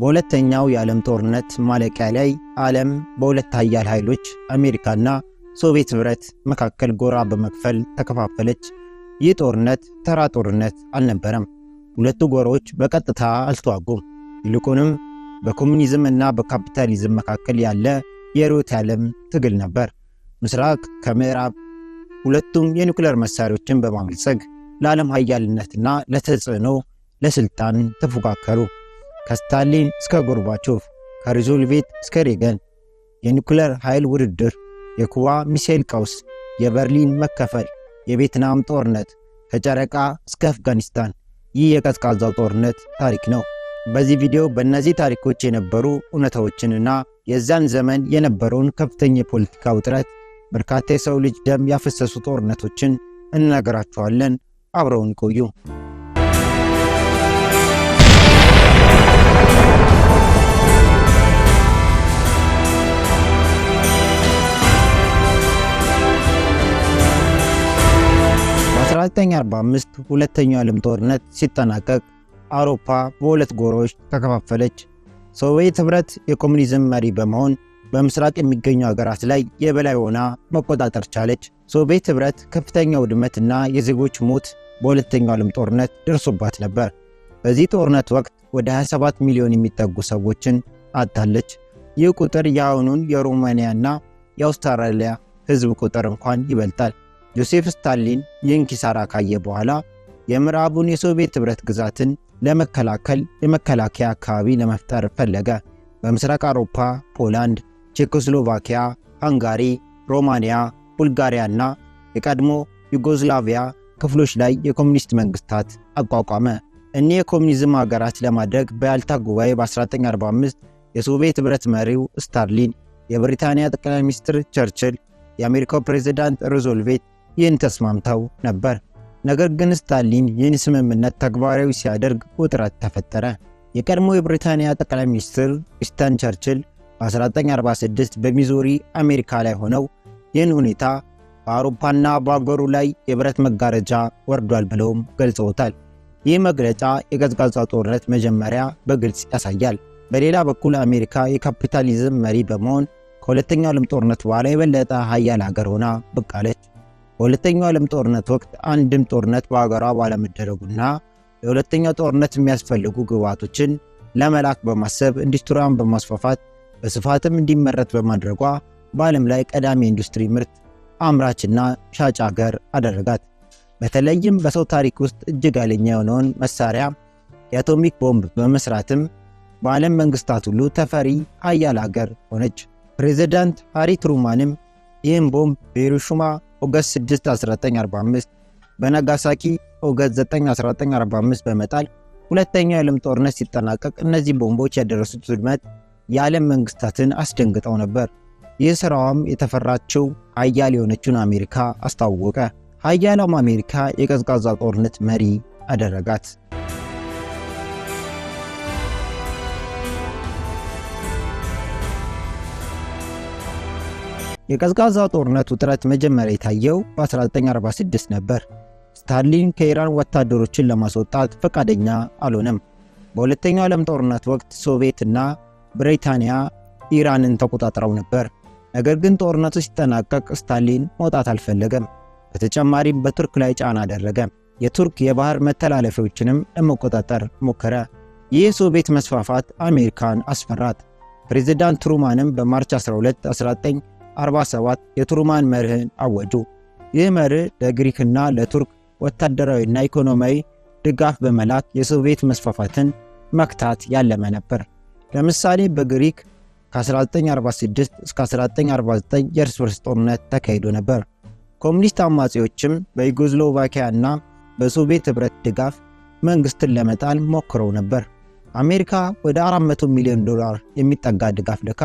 በሁለተኛው የዓለም ጦርነት ማለቂያ ላይ ዓለም በሁለት ኃያል ኃይሎች አሜሪካና ሶቪየት ኅብረት መካከል ጎራ በመክፈል ተከፋፈለች። ይህ ጦርነት ተራ ጦርነት አልነበረም። ሁለቱ ጎራዎች በቀጥታ አልተዋጉም። ይልቁንም በኮሚኒዝም እና በካፒታሊዝም መካከል ያለ የሩት ዓለም ትግል ነበር። ምስራቅ ከምዕራብ ሁለቱም የኒኩሌር መሳሪያዎችን በማበልጸግ ለዓለም ኃያልነትና ለተጽዕኖ ለስልጣን ተፎካከሩ። ከስታሊን እስከ ጎርባቾቭ፣ ከሩዝቬልት እስከ ሬገን፣ የኒኩለር ኃይል ውድድር፣ የኩባ ሚሳኤል ቀውስ፣ የበርሊን መከፈል፣ የቬትናም ጦርነት፣ ከጨረቃ እስከ አፍጋኒስታን። ይህ የቀዝቃዛው ጦርነት ታሪክ ነው። በዚህ ቪዲዮ በእነዚህ ታሪኮች የነበሩ እውነታዎችንና የዛን ዘመን የነበረውን ከፍተኛ የፖለቲካ ውጥረት፣ በርካታ የሰው ልጅ ደም ያፈሰሱ ጦርነቶችን እንነግራችኋለን። አብረውን ቆዩ። በ1945 ሁለተኛው ዓለም ጦርነት ሲጠናቀቅ አውሮፓ በሁለት ጎራዎች ተከፋፈለች። ሶቪየት ኅብረት የኮሙኒዝም መሪ በመሆን በምስራቅ የሚገኙ አገራት ላይ የበላይ ሆና መቆጣጠር ቻለች። ሶቪየት ኅብረት ከፍተኛ ውድመትና የዜጎች ሞት በሁለተኛው ዓለም ጦርነት ደርሶባት ነበር። በዚህ ጦርነት ወቅት ወደ 27 ሚሊዮን የሚጠጉ ሰዎችን አጥታለች። ይህ ቁጥር የአሁኑን የሮማንያና የአውስትራሊያ ሕዝብ ቁጥር እንኳን ይበልጣል። ጆሴፍ ስታሊን ይህን ኪሳራ ካየ በኋላ የምዕራቡን የሶቪየት ኅብረት ግዛትን ለመከላከል የመከላከያ አካባቢ ለመፍጠር ፈለገ። በምስራቅ አውሮፓ ፖላንድ፣ ቼኮስሎቫኪያ፣ ሃንጋሪ፣ ሮማንያ፣ ቡልጋሪያ እና የቀድሞ ዩጎዝላቪያ ክፍሎች ላይ የኮሚኒስት መንግስታት አቋቋመ። እኒህ የኮሚኒዝም ሀገራት ለማድረግ በያልታ ጉባኤ በ1945 የሶቪየት ኅብረት መሪው ስታሊን፣ የብሪታንያ ጠቅላይ ሚኒስትር ቸርችል፣ የአሜሪካው ፕሬዚዳንት ሮዞልቬት ይህን ተስማምተው ነበር። ነገር ግን ስታሊን ይህን ስምምነት ተግባራዊ ሲያደርግ ውጥረት ተፈጠረ። የቀድሞ የብሪታንያ ጠቅላይ ሚኒስትር ዊንስተን ቸርችል በ1946 በሚዙሪ አሜሪካ ላይ ሆነው ይህን ሁኔታ በአውሮፓና በአገሩ ላይ የብረት መጋረጃ ወርዷል ብለውም ገልጸውታል። ይህ መግለጫ የቀዝቃዛ ጦርነት መጀመሪያ በግልጽ ያሳያል። በሌላ በኩል አሜሪካ የካፒታሊዝም መሪ በመሆን ከሁለተኛው ዓለም ጦርነት በኋላ የበለጠ ሀያል ሀገር ሆና ብቃለች። በሁለተኛው ዓለም ጦርነት ወቅት አንድም ጦርነት በአገሯ ባለመደረጉና ለሁለተኛው ጦርነት የሚያስፈልጉ ግብዓቶችን ለመላክ በማሰብ ኢንዱስትሪዋን በማስፋፋት በስፋትም እንዲመረት በማድረጓ በዓለም ላይ ቀዳሚ የኢንዱስትሪ ምርት አምራችና ሻጭ ሀገር አደረጋት። በተለይም በሰው ታሪክ ውስጥ እጅግ አለኛ የሆነውን መሳሪያ የአቶሚክ ቦምብ በመስራትም በዓለም መንግስታት ሁሉ ተፈሪ ሀያል አገር ሆነች። ፕሬዚዳንት ሃሪ ትሩማንም ይህም ቦምብ በሂሮሺማ ኦገስት 6 1945 በናጋሳኪ ኦገስት 9 1945 በመጣል ሁለተኛው የዓለም ጦርነት ሲጠናቀቅ እነዚህ ቦምቦች ያደረሱት ውድመት የዓለም መንግስታትን አስደንግጠው ነበር። ይህ ስራዋም የተፈራችው ሀያል የሆነችውን አሜሪካ አስታወቀ። ሀያላም አሜሪካ የቀዝቃዛ ጦርነት መሪ አደረጋት። የቀዝቃዛ ጦርነት ውጥረት መጀመሪያ የታየው በ1946 ነበር። ስታሊን ከኢራን ወታደሮችን ለማስወጣት ፈቃደኛ አልሆነም። በሁለተኛው ዓለም ጦርነት ወቅት ሶቪየት እና ብሪታንያ ኢራንን ተቆጣጥረው ነበር። ነገር ግን ጦርነቱ ሲጠናቀቅ ስታሊን መውጣት አልፈለገም። በተጨማሪም በቱርክ ላይ ጫና አደረገ። የቱርክ የባህር መተላለፊያዎችንም ለመቆጣጠር ሞከረ። ይህ የሶቪየት መስፋፋት አሜሪካን አስፈራት። ፕሬዚዳንት ትሩማንም በማርች 12 47 የቱርማን መርህን አወጁ። ይህ መርህ ለግሪክና ለቱርክ ወታደራዊና ኢኮኖሚያዊ ድጋፍ በመላክ የሶቪየት መስፋፋትን መክታት ያለመ ነበር። ለምሳሌ በግሪክ ከ1946 እስከ 1949 የእርስ በርስ ጦርነት ተካሂዶ ነበር። ኮሚኒስት አማጺዎችም በዩጎዝሎቫኪያ ና በሶቪየት ኅብረት ድጋፍ መንግሥትን ለመጣል ሞክረው ነበር። አሜሪካ ወደ 400 ሚሊዮን ዶላር የሚጠጋ ድጋፍ ልካ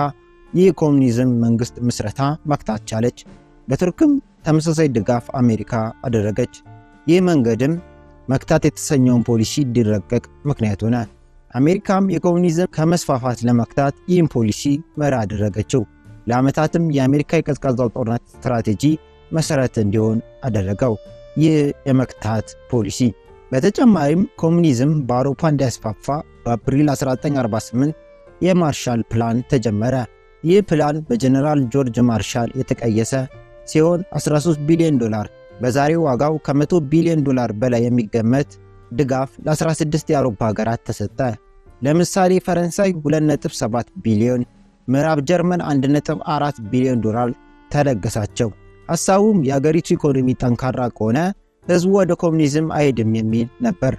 የኮሙኒዝም መንግስት ምስረታ መክታት ቻለች። በቱርክም ተመሳሳይ ድጋፍ አሜሪካ አደረገች። ይህ መንገድም መክታት የተሰኘውን ፖሊሲ እንዲረቀቅ ምክንያት ሆነ። አሜሪካም የኮሙኒዝም ከመስፋፋት ለመክታት ይህን ፖሊሲ መር አደረገችው። ለዓመታትም የአሜሪካ የቀዝቃዛው ጦርነት ስትራቴጂ መሰረት እንዲሆን አደረገው ይህ የመክታት ፖሊሲ። በተጨማሪም ኮሙኒዝም በአውሮፓ እንዲያስፋፋ በአፕሪል 1948 የማርሻል ፕላን ተጀመረ። ይህ ፕላን በጀነራል ጆርጅ ማርሻል የተቀየሰ ሲሆን 13 ቢሊዮን ዶላር በዛሬው ዋጋው ከ100 ቢሊዮን ዶላር በላይ የሚገመት ድጋፍ ለ16 የአውሮፓ ሀገራት ተሰጠ። ለምሳሌ ፈረንሳይ 2.7 ቢሊዮን፣ ምዕራብ ጀርመን 1.4 ቢሊዮን ዶላር ተለገሳቸው። ሐሳቡም የአገሪቱ ኢኮኖሚ ጠንካራ ከሆነ ሕዝቡ ወደ ኮሚኒዝም አይሄድም የሚል ነበር።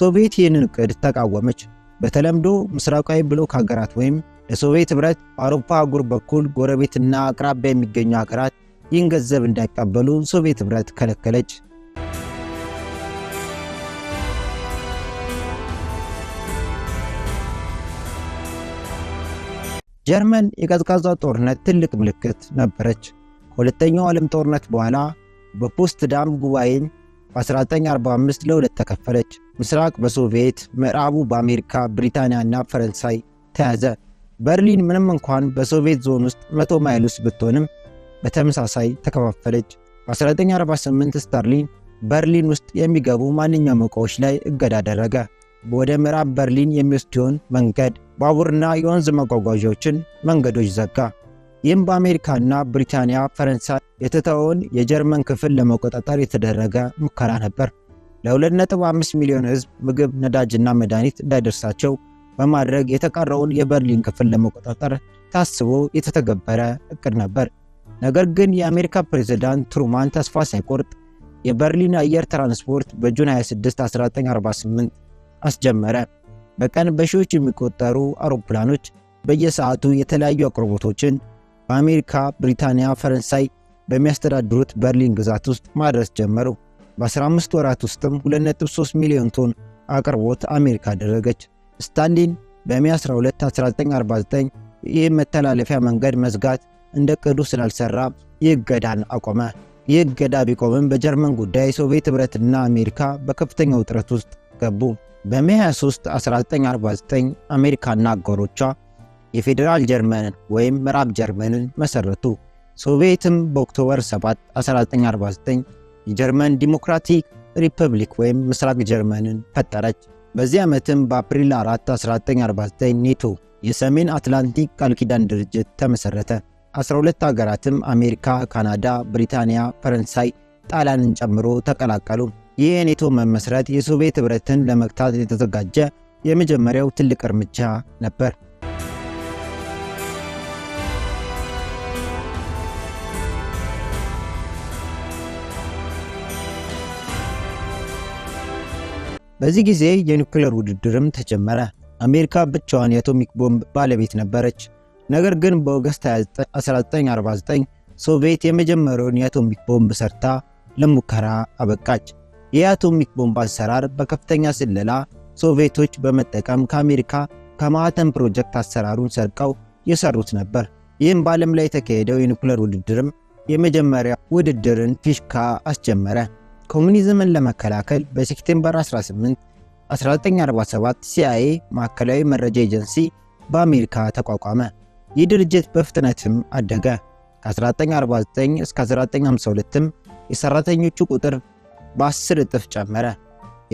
ሶቪየት ይህንን ዕቅድ ተቃወመች። በተለምዶ ምስራቃዊ ብሎክ ሀገራት ወይም ለሶቪየት ኅብረት በአውሮፓ አህጉር በኩል ጎረቤትና አቅራቢያ የሚገኙ ሀገራት ይህን ገንዘብ እንዳይቀበሉ ሶቪየት ኅብረት ከለከለች። ጀርመን የቀዝቃዛው ጦርነት ትልቅ ምልክት ነበረች። ከሁለተኛው ዓለም ጦርነት በኋላ በፖስትዳም ጉባኤን በ1945 ለሁለት ተከፈለች። ምስራቅ በሶቪየት ምዕራቡ በአሜሪካ ብሪታንያና ፈረንሳይ ተያዘ። በርሊን ምንም እንኳን በሶቪየት ዞን ውስጥ 100 ማይል ውስጥ ብትሆንም በተመሳሳይ ተከፋፈለች። በ1948 ስታርሊን በርሊን ውስጥ የሚገቡ ማንኛውም እቃዎች ላይ እገዳ አደረገ። ወደ ምዕራብ በርሊን የሚወስድ መንገድ፣ ባቡርና የወንዝ መጓጓዣዎችን መንገዶች ዘጋ። ይህም በአሜሪካና ብሪታንያ ፈረንሳይ የተተወውን የጀርመን ክፍል ለመቆጣጠር የተደረገ ሙከራ ነበር። ለ2.5 ሚሊዮን ሕዝብ ምግብ፣ ነዳጅና መድኃኒት እንዳይደርሳቸው በማድረግ የተቀረውን የበርሊን ክፍል ለመቆጣጠር ታስቦ የተተገበረ እቅድ ነበር። ነገር ግን የአሜሪካ ፕሬዝዳንት ትሩማን ተስፋ ሳይቆርጥ የበርሊን አየር ትራንስፖርት በጁን 26 1948 አስጀመረ። በቀን በሺዎች የሚቆጠሩ አውሮፕላኖች በየሰዓቱ የተለያዩ አቅርቦቶችን በአሜሪካ፣ ብሪታንያ፣ ፈረንሳይ በሚያስተዳድሩት በርሊን ግዛት ውስጥ ማድረስ ጀመሩ። በ15 ወራት ውስጥም 2.3 ሚሊዮን ቶን አቅርቦት አሜሪካ አደረገች። ስታሊን በሜ 12 1949 ይህ መተላለፊያ መንገድ መዝጋት እንደ ቅዱ ስላልሰራ ይህ እገዳን አቆመ። ይህ እገዳ ቢቆምም በጀርመን ጉዳይ ሶቪየት ኅብረትና አሜሪካ በከፍተኛ ውጥረት ውስጥ ገቡ። በሜ 23 1949 አሜሪካና አጋሮቿ የፌዴራል ጀርመንን ወይም ምዕራብ ጀርመንን መሰረቱ። ሶቪየትም በኦክቶበር 7 1949 የጀርመን ዲሞክራቲክ ሪፐብሊክ ወይም ምስራቅ ጀርመንን ፈጠረች። በዚህ ዓመትም በአፕሪል 4 1949 ኔቶ የሰሜን አትላንቲክ ቃል ኪዳን ድርጅት ተመሠረተ። 12 አገራትም አሜሪካ፣ ካናዳ፣ ብሪታንያ፣ ፈረንሳይ፣ ጣሊያንን ጨምሮ ተቀላቀሉ። ይህ የኔቶ መመስረት የሶቪየት ኅብረትን ለመግታት የተዘጋጀ የመጀመሪያው ትልቅ እርምጃ ነበር። በዚህ ጊዜ የኒውክሌር ውድድርም ተጀመረ። አሜሪካ ብቻዋን የአቶሚክ ቦምብ ባለቤት ነበረች። ነገር ግን በኦገስት 1949 ሶቪየት የመጀመሪያውን የአቶሚክ ቦምብ ሰርታ ለሙከራ አበቃች። የአቶሚክ ቦምብ አሰራር በከፍተኛ ስለላ ሶቪየቶች በመጠቀም ከአሜሪካ ከማህተም ፕሮጀክት አሰራሩን ሰርቀው የሰሩት ነበር። ይህም በዓለም ላይ የተካሄደው የኒውክሌር ውድድርም የመጀመሪያ ውድድርን ፊሽካ አስጀመረ። ኮሙኒዝምን ለመከላከል በሴፕቴምበር 18 1947 ሲአይኤ ማዕከላዊ መረጃ ኤጀንሲ በአሜሪካ ተቋቋመ። ይህ ድርጅት በፍጥነትም አደገ። ከ1949 እስከ 1952ም የሰራተኞቹ ቁጥር በ10 እጥፍ ጨመረ።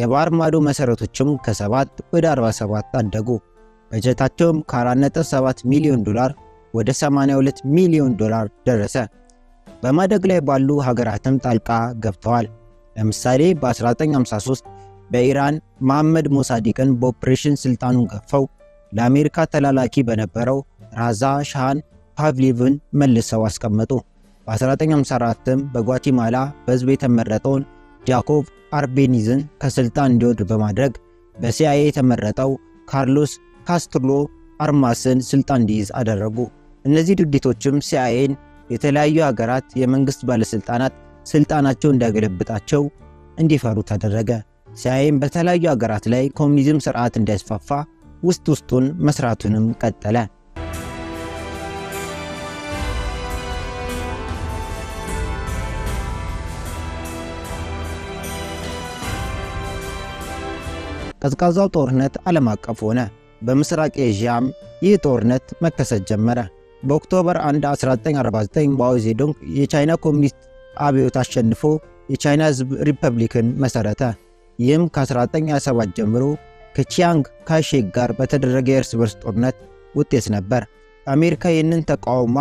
የባህር ማዶ መሠረቶችም ከ7 ወደ 47 አደጉ። በጀታቸውም ከ47 ሚሊዮን ዶላር ወደ 82 ሚሊዮን ዶላር ደረሰ። በማደግ ላይ ባሉ ሀገራትም ጣልቃ ገብተዋል። ለምሳሌ በ1953 በኢራን መሐመድ ሞሳዲቅን በኦፕሬሽን ስልጣኑን ገፈው ለአሜሪካ ተላላኪ በነበረው ራዛ ሻሃን ፓቭሊቭን መልሰው አስቀመጡ። በ1954ም በጓቲማላ በሕዝብ የተመረጠውን ጃኮብ አርቤኒዝን ከስልጣን እንዲወርድ በማድረግ በሲአይኤ የተመረጠው ካርሎስ ካስትሎ አርማስን ስልጣን እንዲይዝ አደረጉ። እነዚህ ድርጊቶችም ሲአይኤን የተለያዩ ሀገራት የመንግሥት ባለሥልጣናት ስልጣናቸው እንዳይገለብጣቸው እንዲፈሩ ተደረገ። ሲአይኤም በተለያዩ አገራት ላይ ኮሚኒዝም ስርዓት እንዳይስፋፋ ውስጥ ውስጡን መስራቱንም ቀጠለ። ቀዝቃዛው ጦርነት ዓለም አቀፍ ሆነ። በምስራቅ ኤዥያም ይህ ጦርነት መከሰት ጀመረ። በኦክቶበር 1 1949 ማኦ ዜዶንግ የቻይና ኮሚኒስት አብዮት አሸንፎ የቻይና ህዝብ ሪፐብሊክን መሠረተ። ይህም ከ1927 ጀምሮ ከቺያንግ ካይሼክ ጋር በተደረገ የእርስ በርስ ጦርነት ውጤት ነበር። አሜሪካ ይህንን ተቃውማ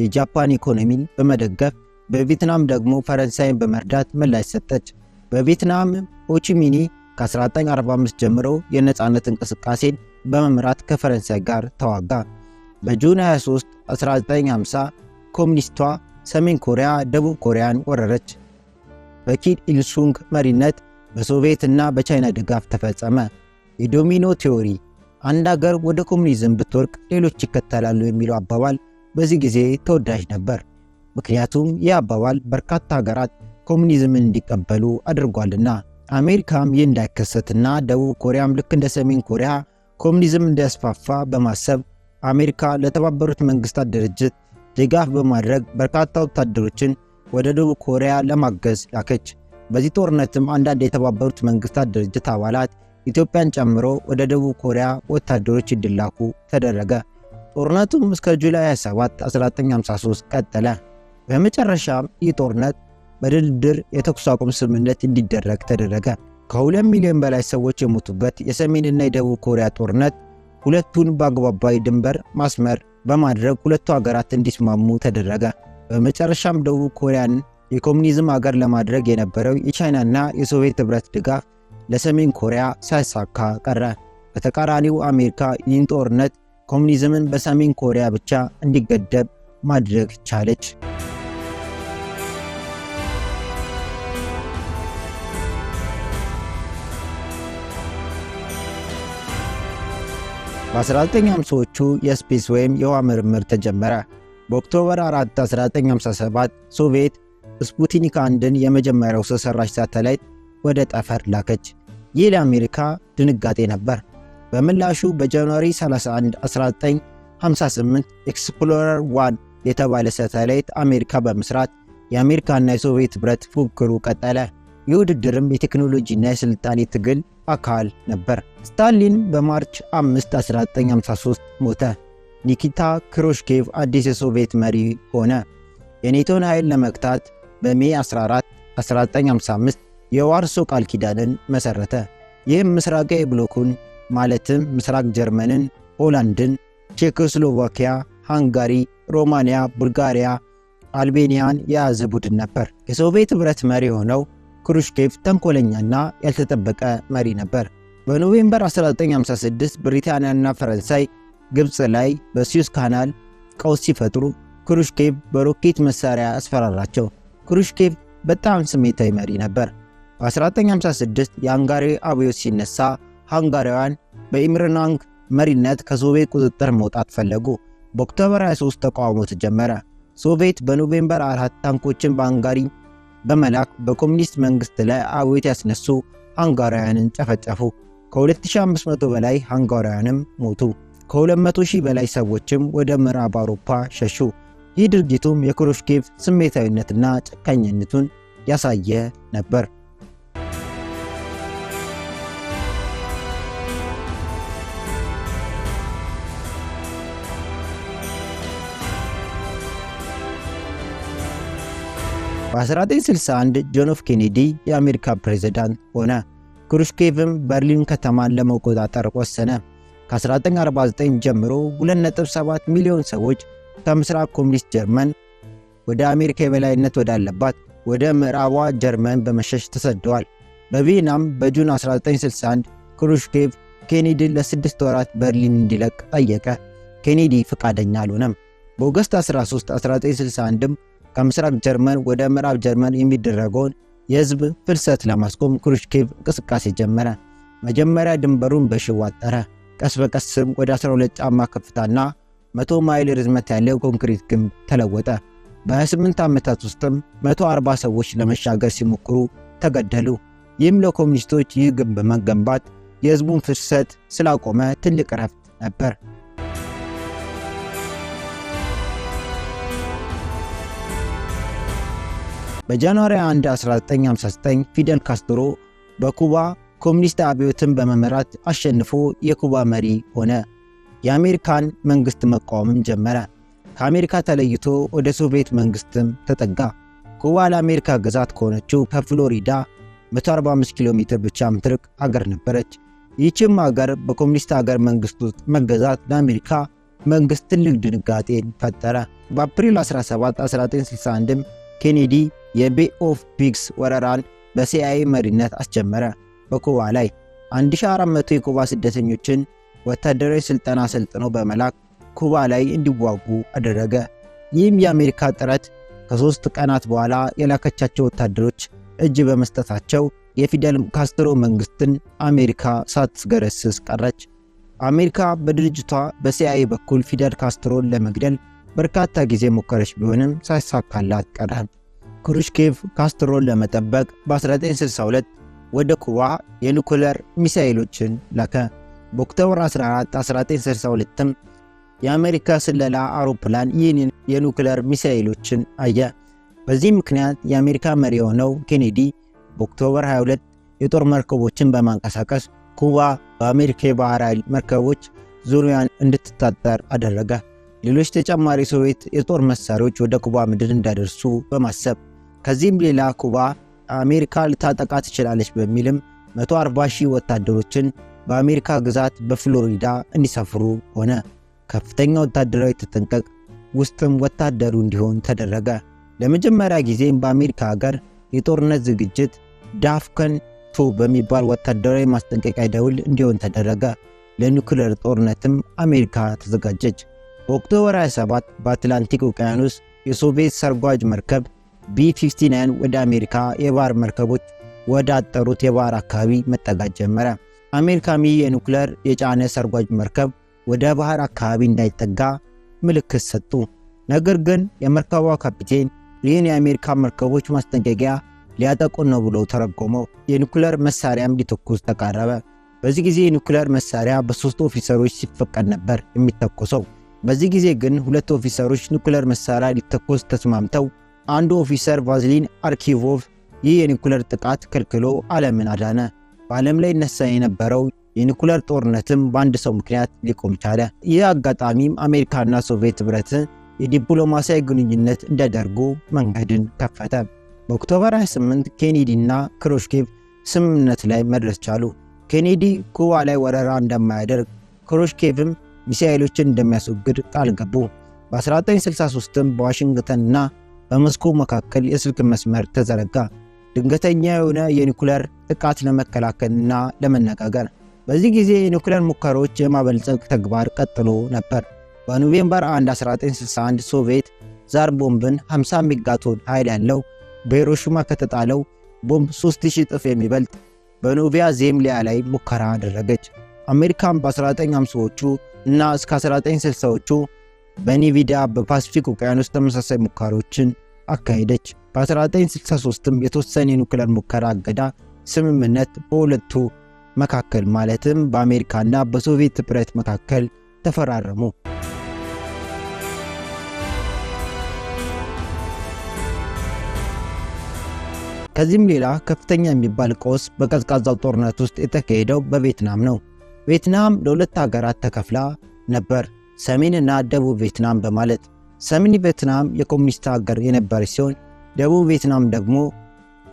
የጃፓን ኢኮኖሚን በመደገፍ በቪትናም ደግሞ ፈረንሳይን በመርዳት ምላሽ ሰጠች። በቪትናም ሆቺሚኒ ከ1945 ጀምሮ የነፃነት እንቅስቃሴን በመምራት ከፈረንሳይ ጋር ተዋጋ። በጁን 23 1950 ኮሚኒስቷ ሰሜን ኮሪያ ደቡብ ኮሪያን ወረረች። በኪድ ኢልሱንግ መሪነት በሶቪየት እና በቻይና ድጋፍ ተፈጸመ። የዶሚኖ ቴዎሪ አንድ አገር ወደ ኮሚኒዝም ብትወርቅ ሌሎች ይከተላሉ የሚለው አባባል በዚህ ጊዜ ተወዳጅ ነበር። ምክንያቱም ይህ አባባል በርካታ ሀገራት ኮሚኒዝምን እንዲቀበሉ አድርጓልና። አሜሪካም ይህ እንዳይከሰትና ደቡብ ኮሪያም ልክ እንደ ሰሜን ኮሪያ ኮሚኒዝም እንዲያስፋፋ በማሰብ አሜሪካ ለተባበሩት መንግስታት ድርጅት ድጋፍ በማድረግ በርካታ ወታደሮችን ወደ ደቡብ ኮሪያ ለማገዝ ላከች። በዚህ ጦርነትም አንዳንድ የተባበሩት መንግስታት ድርጅት አባላት ኢትዮጵያን ጨምሮ ወደ ደቡብ ኮሪያ ወታደሮች እንዲላኩ ተደረገ። ጦርነቱም እስከ ጁላይ 27 1953 ቀጠለ። በመጨረሻም ይህ ጦርነት በድርድር የተኩስ አቁም ስምምነት እንዲደረግ ተደረገ። ከሁለት ሚሊዮን በላይ ሰዎች የሞቱበት የሰሜንና የደቡብ ኮሪያ ጦርነት ሁለቱን በአግባባዊ ድንበር ማስመር በማድረግ ሁለቱ ሀገራት እንዲስማሙ ተደረገ። በመጨረሻም ደቡብ ኮሪያን የኮሙኒዝም ሀገር ለማድረግ የነበረው የቻይናና የሶቪየት ህብረት ድጋፍ ለሰሜን ኮሪያ ሳይሳካ ቀረ። በተቃራኒው አሜሪካ ይህን ጦርነት ኮሙኒዝምን በሰሜን ኮሪያ ብቻ እንዲገደብ ማድረግ ቻለች። በ1950ዎቹ የስፔስ ወይም የውሃ ምርምር ተጀመረ። በኦክቶበር 4 1957 ሶቪየት ስፑትኒክ አንድን የመጀመሪያው ሰው ሰራሽ ሳተላይት ወደ ጠፈር ላከች። ይህ ለአሜሪካ ድንጋጤ ነበር። በምላሹ በጃንዋሪ 31 1958 ኤክስፕሎረር ዋን የተባለ ሳተላይት አሜሪካ በመስራት የአሜሪካና የሶቪየት ህብረት ፉክክሩ ቀጠለ። የውድድርም የቴክኖሎጂና የስልጣኔ ትግል አካል ነበር። ስታሊን በማርች 5 1953 ሞተ። ኒኪታ ክሩሽኬቭ አዲስ የሶቪየት መሪ ሆነ። የኔቶን ኃይል ለመግታት በሜ 14 1955 የዋርሶ ቃል ኪዳንን መሰረተ። ይህም ምስራቃዊ ብሎኩን ማለትም ምስራቅ ጀርመንን፣ ሆላንድን፣ ቼኮስሎቫኪያ፣ ሃንጋሪ፣ ሮማንያ፣ ቡልጋሪያ፣ አልቤኒያን የያዘ ቡድን ነበር። የሶቪየት ኅብረት መሪ ሆነው ክሩሽኬቭ ተንኮለኛና ያልተጠበቀ መሪ ነበር። በኖቬምበር 1956 ብሪታንያና ፈረንሳይ ግብፅ ላይ በሱዌዝ ካናል ቀውስ ሲፈጥሩ ክሩሽኬቭ በሮኬት መሳሪያ አስፈራራቸው። ክሩሽኬቭ በጣም ስሜታዊ መሪ ነበር። በ1956 የሃንጋሪ አብዮት ሲነሳ ሃንጋሪያውያን በኢምርናንግ መሪነት ከሶቪየት ቁጥጥር መውጣት ፈለጉ። በኦክቶበር 23 ተቃውሞ ተጀመረ። ሶቪየት በኖቬምበር 4 ታንኮችን በሃንጋሪ በመላክ በኮሚኒስት መንግስት ላይ አቤት ያስነሱ ሃንጋሪያንን ጨፈጨፉ። ከ2500 በላይ ሃንጋሪያንም ሞቱ። ከ200 ሺህ በላይ ሰዎችም ወደ ምዕራብ አውሮፓ ሸሹ። ይህ ድርጊቱም የክሩሽኬቭ ስሜታዊነትና ጨካኝነቱን ያሳየ ነበር። በ1961 ጆን ኬኔዲ የአሜሪካ ፕሬዝዳንት ሆነ። ክሩሽኬቭም በርሊን ከተማን ለመቆጣጠር ወሰነ። ከ1949 ጀምሮ 2.7 ሚሊዮን ሰዎች ከምስራቅ ኮሚኒስት ጀርመን ወደ አሜሪካ የበላይነት ወዳለባት ወደ ምዕራቧ ጀርመን በመሸሽ ተሰደዋል። በቪየናም በጁን 1961 ክሩሽኬቭ ኬኔዲ ለስድስት ወራት በርሊን እንዲለቅ ጠየቀ። ኬኔዲ ፈቃደኛ አልሆነም። በኦገስት 13 1961ም ከምስራቅ ጀርመን ወደ ምዕራብ ጀርመን የሚደረገውን የህዝብ ፍልሰት ለማስቆም ክሩሽኬቭ እንቅስቃሴ ጀመረ። መጀመሪያ ድንበሩን በሽቦ አጠረ። ቀስ በቀስም ወደ 12 ጫማ ከፍታና 100 ማይል ርዝመት ያለው ኮንክሪት ግንብ ተለወጠ። በ8 ዓመታት ውስጥም 140 ሰዎች ለመሻገር ሲሞክሩ ተገደሉ። ይህም ለኮሚኒስቶች ይህ ግንብ መገንባት የህዝቡን ፍልሰት ስላቆመ ትልቅ እረፍት ነበር። በጃንዋሪ 1 1959 ፊደል ካስትሮ በኩባ ኮሚኒስት አብዮትን በመምራት አሸንፎ የኩባ መሪ ሆነ። የአሜሪካን መንግሥት መቃወምም ጀመረ። ከአሜሪካ ተለይቶ ወደ ሶቪየት መንግሥትም ተጠጋ። ኩባ ለአሜሪካ ግዛት ከሆነችው ከፍሎሪዳ 145 ኪሎ ሜትር ብቻ ምትርቅ አገር ነበረች። ይህችም አገር በኮሚኒስት አገር መንግሥት ውስጥ መገዛት ለአሜሪካ መንግሥት ትልቅ ድንጋጤን ፈጠረ። በአፕሪል 17 1961 ኬኔዲ የቤ ኦፍ ፒግስ ወረራን በሲአይኤ መሪነት አስጀመረ። በኩባ ላይ 1400 የኩባ ስደተኞችን ወታደራዊ ስልጠና ሰልጥኖ በመላክ ኩባ ላይ እንዲዋጉ አደረገ። ይህም የአሜሪካ ጥረት ከሦስት ቀናት በኋላ የላከቻቸው ወታደሮች እጅ በመስጠታቸው የፊደል ካስትሮ መንግስትን አሜሪካ ሳትገረስስ ቀረች። አሜሪካ በድርጅቷ በሲአይኤ በኩል ፊደል ካስትሮን ለመግደል በርካታ ጊዜ ሞከረች ቢሆንም ሳይሳካላት ቀረ። ክሩሽኬቭ ካስትሮን ለመጠበቅ በ1962 ወደ ኩባ የኒኩለር ሚሳኤሎችን ላከ። በኦክቶበር 14 1962ም የአሜሪካ ስለላ አውሮፕላን ይህን የኒኩለር ሚሳኤሎችን አየ። በዚህ ምክንያት የአሜሪካ መሪ የሆነው ኬኔዲ በኦክቶበር 22 የጦር መርከቦችን በማንቀሳቀስ ኩባ በአሜሪካ የባህር ኃይል መርከቦች ዙሪያን እንድትታጠር አደረገ። ሌሎች ተጨማሪ ሶቪየት የጦር መሳሪያዎች ወደ ኩባ ምድር እንዳይደርሱ በማሰብ ከዚህም ሌላ ኩባ አሜሪካ ልታጠቃ ትችላለች በሚልም 140 ሺህ ወታደሮችን በአሜሪካ ግዛት በፍሎሪዳ እንዲሰፍሩ ሆነ። ከፍተኛ ወታደራዊ ተጠንቀቅ ውስጥም ወታደሩ እንዲሆን ተደረገ። ለመጀመሪያ ጊዜም በአሜሪካ ሀገር የጦርነት ዝግጅት ዳፍከን ቱ በሚባል ወታደራዊ ማስጠንቀቂያ ደውል እንዲሆን ተደረገ። ለኒውክሌር ጦርነትም አሜሪካ ተዘጋጀች። በኦክቶበር 27 በአትላንቲክ ውቅያኖስ የሶቪየት ሰርጓጅ መርከብ ቢ59 ወደ አሜሪካ የባህር መርከቦች ወደ አጠሩት የባህር አካባቢ መጠጋት ጀመረ። አሜሪካም ይህ የኑክሌር የጫነ ሰርጓጅ መርከብ ወደ ባህር አካባቢ እንዳይጠጋ ምልክት ሰጡ። ነገር ግን የመርከቧ ካፒቴን ይህን የአሜሪካ መርከቦች ማስጠንቀቂያ ሊያጠቁን ነው ብሎ ተረጎመው። የኑክሌር መሳሪያም ሊተኩስ ተቃረበ። በዚህ ጊዜ የኑክሌር መሳሪያ በሶስት ኦፊሰሮች ሲፈቀድ ነበር የሚተኮሰው። በዚህ ጊዜ ግን ሁለት ኦፊሰሮች ኒኩለር መሳሪያ ሊተኮስ ተስማምተው አንዱ ኦፊሰር ቫዝሊን አርኪቮቭ ይህ የኒኩለር ጥቃት ከልክሎ ዓለምን አዳነ። በዓለም ላይ ይነሳ የነበረው የኒኩለር ጦርነትም በአንድ ሰው ምክንያት ሊቆም ቻለ። ይህ አጋጣሚም አሜሪካና ሶቪየት ኅብረት የዲፕሎማሲያዊ ግንኙነት እንዲያደርጉ መንገድን ከፈተ። በኦክቶበር 28 ኬኔዲ እና ክሮሽኬቭ ስምምነት ላይ መድረስ ቻሉ። ኬኔዲ ኩባ ላይ ወረራ እንደማያደርግ ክሮሽኬቭም ሚሳኤሎችን እንደሚያስወግድ ቃል ገቡ። በ1963ም በዋሽንግተንና በሞስኮ መካከል የስልክ መስመር ተዘረጋ፣ ድንገተኛ የሆነ የኒኩሌር ጥቃት ለመከላከልና ለመነጋገር። በዚህ ጊዜ የኒኩሌር ሙከራዎች የማበልጸግ ተግባር ቀጥሎ ነበር። በኖቬምበር 1 1961 ሶቪየት ዛር ቦምብን 50 ሚጋቶን ኃይል ያለው በሂሮሺማ ከተጣለው ቦምብ 3000 ጥፍ የሚበልጥ በኖቪያ ዜምሊያ ላይ ሙከራ አደረገች። አሜሪካን በ1950ዎቹ እና እስከ 1960ዎቹ በኔቪዳ በፓሲፊክ ውቅያኖስ ተመሳሳይ ሙከራዎችን አካሄደች። በ1963ም የተወሰነ የኑክሌር ሙከራ አገዳ ስምምነት በሁለቱ መካከል ማለትም በአሜሪካና በሶቪየት ኅብረት መካከል ተፈራረሙ። ከዚህም ሌላ ከፍተኛ የሚባል ቀውስ በቀዝቃዛው ጦርነት ውስጥ የተካሄደው በቬትናም ነው። ቬትናም ለሁለት ሀገራት ተከፍላ ነበር፣ ሰሜንና ደቡብ ቬትናም በማለት። ሰሜን ቬትናም የኮሚኒስት ሀገር የነበረች ሲሆን ደቡብ ቬትናም ደግሞ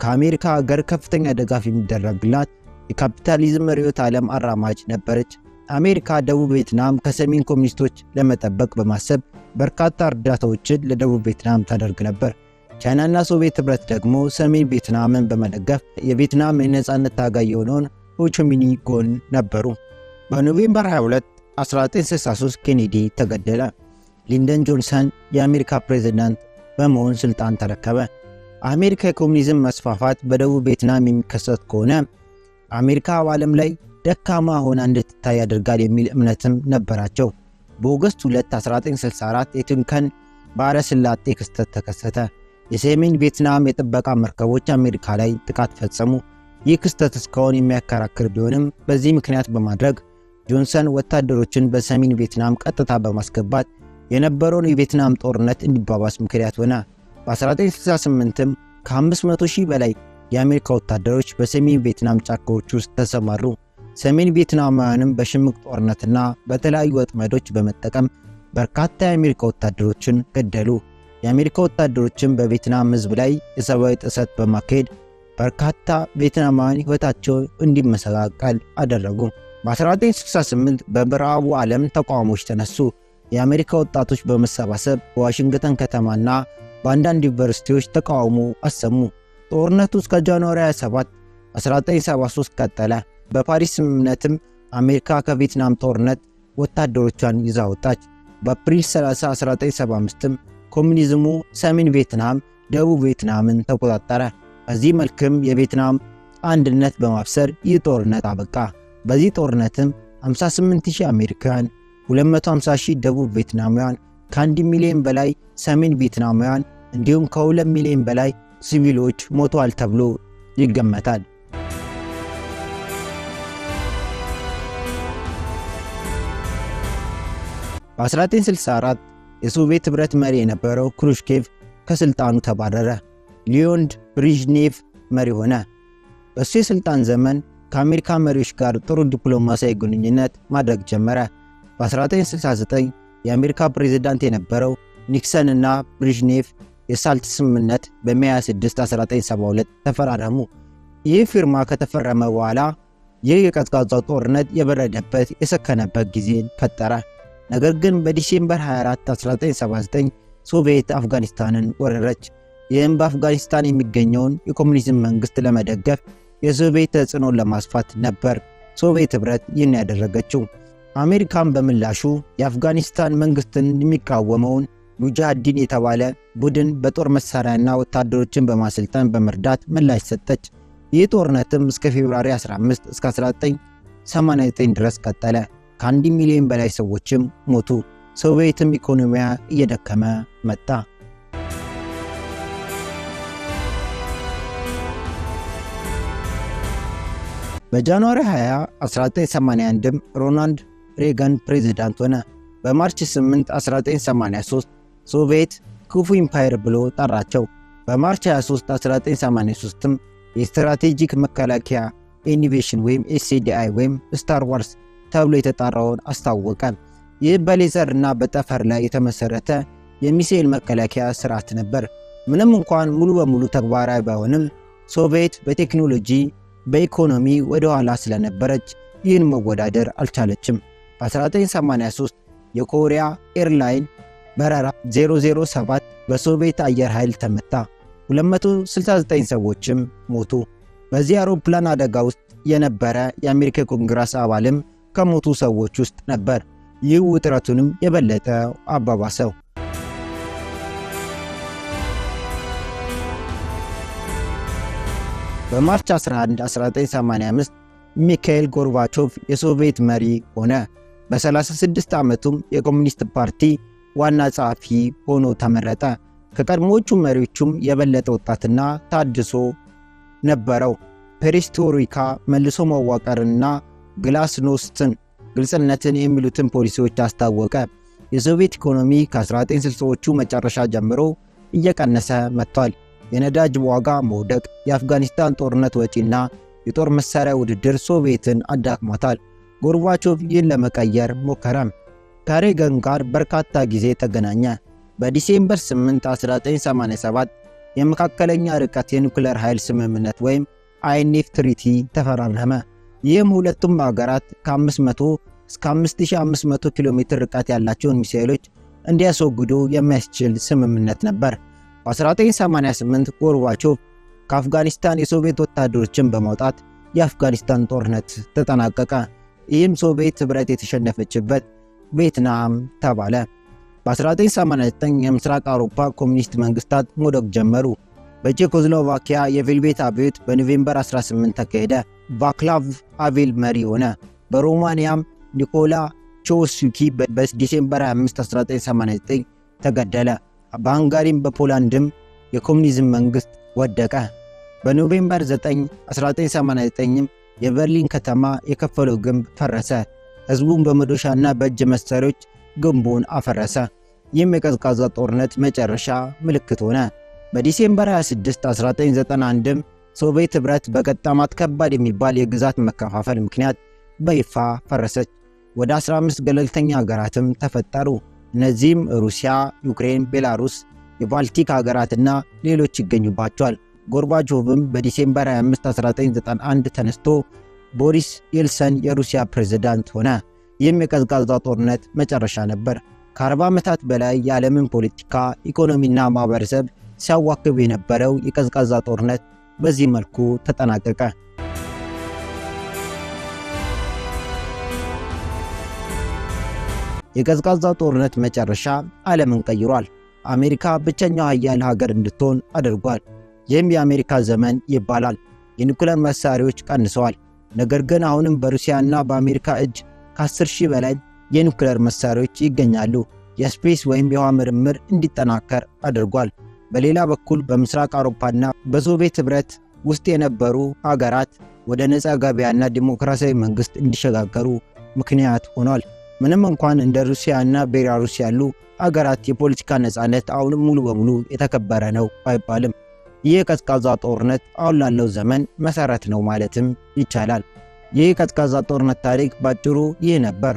ከአሜሪካ ሀገር ከፍተኛ ድጋፍ የሚደረግላት የካፒታሊዝም ርዕዮተ ዓለም አራማጅ ነበረች። አሜሪካ ደቡብ ቬትናም ከሰሜን ኮሚኒስቶች ለመጠበቅ በማሰብ በርካታ እርዳታዎችን ለደቡብ ቬትናም ታደርግ ነበር። ቻይናና ሶቪየት ኅብረት ደግሞ ሰሜን ቬትናምን በመደገፍ የቬትናም የነፃነት ታጋይ የሆነውን ሆቾሚኒ ጎን ነበሩ። በኖቬምበር 22 1963 ኬኔዲ ተገደለ። ሊንደን ጆንሰን የአሜሪካ ፕሬዝዳንት በመሆን ስልጣን ተረከበ። አሜሪካ የኮሙኒዝም መስፋፋት በደቡብ ቬትናም የሚከሰት ከሆነ አሜሪካ በዓለም ላይ ደካማ ሆና እንድትታይ ያደርጋል የሚል እምነትም ነበራቸው። በኦገስት 2 1964 የትንከን ባሕረ ስላጤ ክስተት ተከሰተ። የሰሜን ቬትናም የጥበቃ መርከቦች አሜሪካ ላይ ጥቃት ፈጸሙ። ይህ ክስተት እስካሁን የሚያከራክር ቢሆንም በዚህ ምክንያት በማድረግ ጆንሰን ወታደሮችን በሰሜን ቪየትናም ቀጥታ በማስገባት የነበረውን የቪየትናም ጦርነት እንዲባባስ ምክንያት ሆነ። በ1968ም ከ500 ሺህ በላይ የአሜሪካ ወታደሮች በሰሜን ቪየትናም ጫካዎች ውስጥ ተሰማሩ። ሰሜን ቪየትናማውያንም በሽምቅ ጦርነትና በተለያዩ ወጥመዶች በመጠቀም በርካታ የአሜሪካ ወታደሮችን ገደሉ። የአሜሪካ ወታደሮችም በቪየትናም ሕዝብ ላይ የሰብአዊ ጥሰት በማካሄድ በርካታ ቪየትናማውያን ሕይወታቸው እንዲመሰቃቀል አደረጉ። በ1968 በምዕራቡ ዓለም ተቋሞች ተነሱ። የአሜሪካ ወጣቶች በመሰባሰብ በዋሽንግተን ከተማና በአንዳንድ ዩኒቨርሲቲዎች ተቃውሞ አሰሙ። ጦርነቱ እስከ ጃንዋሪ 27 1973 ቀጠለ። በፓሪስ ስምምነትም አሜሪካ ከቪየትናም ጦርነት ወታደሮቿን ይዛ ወጣች። በአፕሪል 30 1975ም ኮሚኒዝሙ ሰሜን ቪየትናም ደቡብ ቪየትናምን ተቆጣጠረ። በዚህ መልክም የቪየትናም አንድነት በማብሰር ይህ ጦርነት አበቃ። በዚህ ጦርነትም 58000 አሜሪካውያን፣ 250000 ደቡብ ቪየትናማውያን፣ ከ1 ሚሊዮን በላይ ሰሜን ቪየትናማውያን እንዲሁም ከ2 ሚሊዮን በላይ ሲቪሎች ሞተዋል ተብሎ ይገመታል። በ1964 የሶቪየት ኅብረት መሪ የነበረው ክሩሽኬቭ ከሥልጣኑ ተባረረ። ሊዮንድ ብሪዥኔቭ መሪ ሆነ። በእሱ የሥልጣን ዘመን ከአሜሪካ መሪዎች ጋር ጥሩ ዲፕሎማሲያዊ ግንኙነት ማድረግ ጀመረ። በ1969 የአሜሪካ ፕሬዝዳንት የነበረው ኒክሰን እና ብሪዥኔቭ የሳልት ስምምነት በሚያዝያ 6 1972 ተፈራረሙ። ይህ ፊርማ ከተፈረመ በኋላ ይህ የቀዝቃዛው ጦርነት የበረደበት የሰከነበት ጊዜን ፈጠረ። ነገር ግን በዲሴምበር 24 1979 ሶቪየት አፍጋኒስታንን ወረረች። ይህም በአፍጋኒስታን የሚገኘውን የኮሙኒዝም መንግስት ለመደገፍ የሶቪየት ተጽዕኖን ለማስፋት ነበር ሶቪየት ኅብረት ይህን ያደረገችው። አሜሪካን በምላሹ የአፍጋኒስታን መንግስትን የሚቃወመውን ሙጃሂዲን የተባለ ቡድን በጦር መሳሪያና ወታደሮችን በማሰልጠን በመርዳት ምላሽ ሰጠች። ይህ ጦርነትም እስከ ፌብራሪ 15 እስከ 1989 ድረስ ቀጠለ። ከአንድ ሚሊዮን በላይ ሰዎችም ሞቱ። ሶቪየትም ኢኮኖሚያ እየደከመ መጣ። በጃንዋሪ 20 1981 ሮናልድ ሬጋን ፕሬዝዳንት ሆነ። በማርች 8 1983 ሶቪየት ክፉ ኢምፓየር ብሎ ጠራቸው። በማርች 23 1983ም የስትራቴጂክ መከላከያ ኢኒቬሽን ወይም ኤስሲዲአይ ወይም ስታር ዋርስ ተብሎ የተጣራውን አስታወቀ። ይህ በሌዘር እና በጠፈር ላይ የተመሰረተ የሚሳኤል መከላከያ ስርዓት ነበር። ምንም እንኳን ሙሉ በሙሉ ተግባራዊ ባይሆንም ሶቪየት በቴክኖሎጂ በኢኮኖሚ ወደ ኋላ ስለነበረች ይህን መወዳደር አልቻለችም። በ1983 የኮሪያ ኤርላይን በረራ 007 በሶቪየት አየር ኃይል ተመታ፣ 269 ሰዎችም ሞቱ። በዚህ አውሮፕላን አደጋ ውስጥ የነበረ የአሜሪካ ኮንግረስ አባልም ከሞቱ ሰዎች ውስጥ ነበር። ይህ ውጥረቱንም የበለጠ አባባሰው። በማርች 11 1985 ሚካኤል ጎርባቾቭ የሶቪየት መሪ ሆነ። በ36 ዓመቱም የኮሚኒስት ፓርቲ ዋና ጸሐፊ ሆኖ ተመረጠ። ከቀድሞዎቹ መሪዎቹም የበለጠ ወጣትና ታድሶ ነበረው። ፔሬስቶሪካ፣ መልሶ መዋቀርና ግላስኖስትን ግልጽነትን የሚሉትን ፖሊሲዎች አስታወቀ። የሶቪየት ኢኮኖሚ ከ1960ዎቹ መጨረሻ ጀምሮ እየቀነሰ መጥቷል። የነዳጅ ዋጋ መውደቅ፣ የአፍጋኒስታን ጦርነት ወጪና የጦር መሳሪያ ውድድር ሶቪየትን አዳክሟታል። ጎርባቾቭ ይህን ለመቀየር ሞከረም። ከሬገን ጋር በርካታ ጊዜ ተገናኘ። በዲሴምበር 8 1987 የመካከለኛ ርቀት የኒኩሌር ኃይል ስምምነት ወይም አይኔፍ ትሪቲ ተፈራረመ። ይህም ሁለቱም አገራት ከ500 እስከ 5500 ኪሎ ሜትር ርቀት ያላቸውን ሚሳኤሎች እንዲያስወግዱ የሚያስችል ስምምነት ነበር። በ1988 ጎርባቾቭ ከአፍጋኒስታን የሶቪየት ወታደሮችን በማውጣት የአፍጋኒስታን ጦርነት ተጠናቀቀ። ይህም ሶቪየት ኅብረት የተሸነፈችበት ቬትናም ተባለ። በ1989 የምስራቅ አውሮፓ ኮሚኒስት መንግስታት መውደቅ ጀመሩ። በቼኮስሎቫኪያ የቬልቬት አብዮት በኖቬምበር 18 ተካሄደ። ቫክላቭ ሃቬል መሪ ሆነ። በሮማንያም ኒኮላ ቾውስኪ በዲሴምበር 25 1989 ተገደለ። በሃንጋሪም በፖላንድም የኮሚኒዝም መንግሥት ወደቀ። በኖቬምበር 9 1989ም የበርሊን ከተማ የከፈለው ግንብ ፈረሰ። ሕዝቡን በመዶሻና በእጅ መሳሪያዎች ግንቡን አፈረሰ። ይህም የቀዝቃዛ ጦርነት መጨረሻ ምልክት ሆነ። በዲሴምበር 26 1991ም ሶቪየት ኅብረት በገጠማት ከባድ የሚባል የግዛት መከፋፈል ምክንያት በይፋ ፈረሰች። ወደ 15 ገለልተኛ ሀገራትም ተፈጠሩ። እነዚህም ሩሲያ፣ ዩክሬን፣ ቤላሩስ፣ የባልቲክ ሀገራትና ሌሎች ይገኙባቸዋል። ጎርባቾቭም በዲሴምበር 25 1991 ተነስቶ ቦሪስ የልሰን የሩሲያ ፕሬዝዳንት ሆነ። ይህም የቀዝቃዛ ጦርነት መጨረሻ ነበር። ከ40 ዓመታት በላይ የዓለምን ፖለቲካ፣ ኢኮኖሚና ማህበረሰብ ሲያዋክብ የነበረው የቀዝቃዛ ጦርነት በዚህ መልኩ ተጠናቀቀ። የቀዝቃዛው ጦርነት መጨረሻ ዓለምን ቀይሯል። አሜሪካ ብቸኛው ኃያል ሀገር እንድትሆን አድርጓል። ይህም የአሜሪካ ዘመን ይባላል። የኒኩለር መሳሪያዎች ቀንሰዋል። ነገር ግን አሁንም በሩሲያና በአሜሪካ እጅ ከ10 ሺህ በላይ የኒኩለር መሳሪያዎች ይገኛሉ። የስፔስ ወይም የውሃ ምርምር እንዲጠናከር አድርጓል። በሌላ በኩል በምስራቅ አውሮፓና በሶቪየት ኅብረት ውስጥ የነበሩ ሀገራት ወደ ነፃ ገበያና ዲሞክራሲያዊ መንግሥት እንዲሸጋገሩ ምክንያት ሆኗል። ምንም እንኳን እንደ ሩሲያ እና ቤላሩስ ያሉ አገራት የፖለቲካ ነፃነት አሁንም ሙሉ በሙሉ የተከበረ ነው አይባልም። ይህ የቀዝቃዛ ጦርነት አሁን ላለው ዘመን መሰረት ነው ማለትም ይቻላል። ይህ ቀዝቃዛ ጦርነት ታሪክ ባጭሩ ይህ ነበር።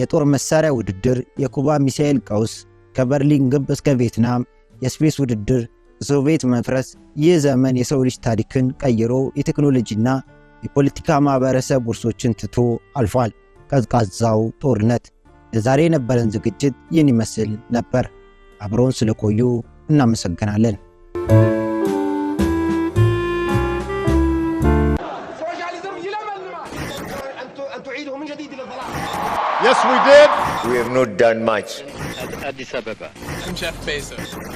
የጦር መሳሪያ ውድድር፣ የኩባ ሚሳኤል ቀውስ፣ ከበርሊን ግንብ እስከ ቪየትናም የስፔስ ውድድር፣ የሶቪየት መፍረስ። ይህ ዘመን የሰው ልጅ ታሪክን ቀይሮ የቴክኖሎጂና የፖለቲካ ማህበረሰብ ውርሶችን ትቶ አልፏል። ቀዝቃዛው ጦርነት። ለዛሬ የነበረን ዝግጅት ይህን ይመስል ነበር። አብረውን ስለቆዩ እናመሰግናለን። Yes, we did. We have not done much. Addis Ababa. I'm Jeff Bezos.